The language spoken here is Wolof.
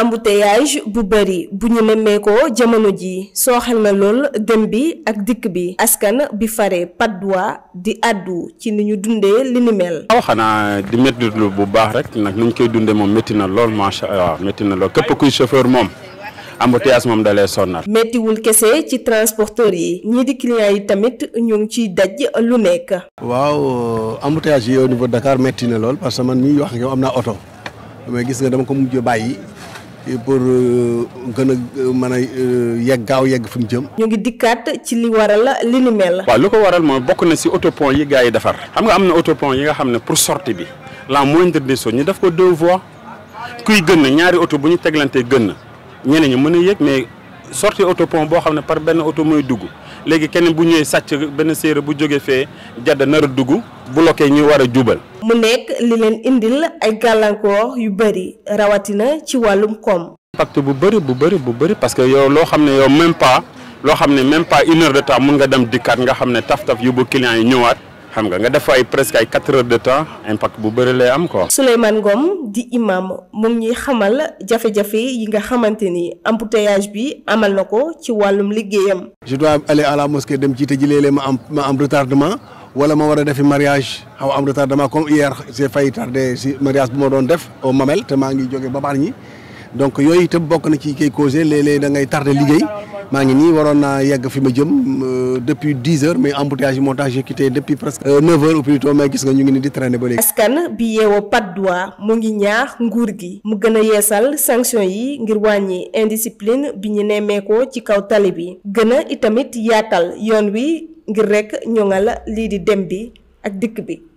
embouteillage bu bari bu ñu nemmeekoo jamono ji sooxal na lool dem bi ak dikk bi askan bi fare padduwa di àddu ci ni ñu dundee li ni mel. waaw xanaa di métti bu baax rek nag ni ñu koy dundee moom métti na lool macha allah métti na lool képp kuy chauffeur moom. embouteillage moom dalee sonnal méttiwul kese ci transporteur yi ñii di clients yi tamit ñu ngi ciy daj lu nekk. waaw embouteillage yi au niveau Dakar métti na lool parce que man mii wax nga am na oto mais gis nga dama ko mujj bàyyi. pour euh, gën a euh, mën a euh, yegg gaaw yegg fu mu jëm. ñu ngi dikkaat ci li waral li ni mel. lu ko waral mooy bokk na si autopont yi gars yi defar. xam nga am na auto autopont yi nga xam ne pour sortie bi la moindre des choses ñu def ko deux voies kuy gën ñaari oto bu ñu teglantee gën ñeneen ñi mën a yëg mais auto autopont boo xam ne par benn oto mooy dugg léegi kenn bu ñëwee sàcc benn séeréer bu jóge fee jadd nar a dugg bloqué ñu war a jubal. mu nekk li leen indil ay gàllankoor yu bëri rawatina ci wàllum koom. impact bu bëri bu bëri bu bari parce que yow loo xam ne yow même pas loo xam ne même pas une heure de temps mun nga dem dikkaat nga xam ne taf-taf bu client yi ñëwaat. xam nga nga def ay presque ay quatre heures de temps impact bu bëri lay am quoi. Souleymane Ngom di imam moom ñuy xamal jafe-jafe yi nga xamante ni embouteillage bi amal na ko ci wàllum liggéeyam. je dois aller à la dem jiite ji léeg ma am ma am retardement wala ma war a defi mariage xaw am retardement comme hier j'ai failli tardé si mariage bu ma doon def au Mamel te maa ngi jóge ba Bargny ñi donc yooyu itam bokk na ci kay causé léeg-léeg da ngay tardé liggéey. maa ngi nii waroon naa yegg fi ma jëm euh, depuis dix heures mais embouteillage yi moo tax j'ai depuis presque euh, neuf heures au plus gis nga ñu ngi ni di traîner ba léegi. askan bi yeewoo pat d'Oie mu ngi ñaax nguur gi mu gën a yeesal sanction yi ngir wàññi indiscipline bi ñu nemmeekoo ci kaw tali bi gën a itamit yaatal yoon wi ngir rek la lii di dem bi ak dikk bi.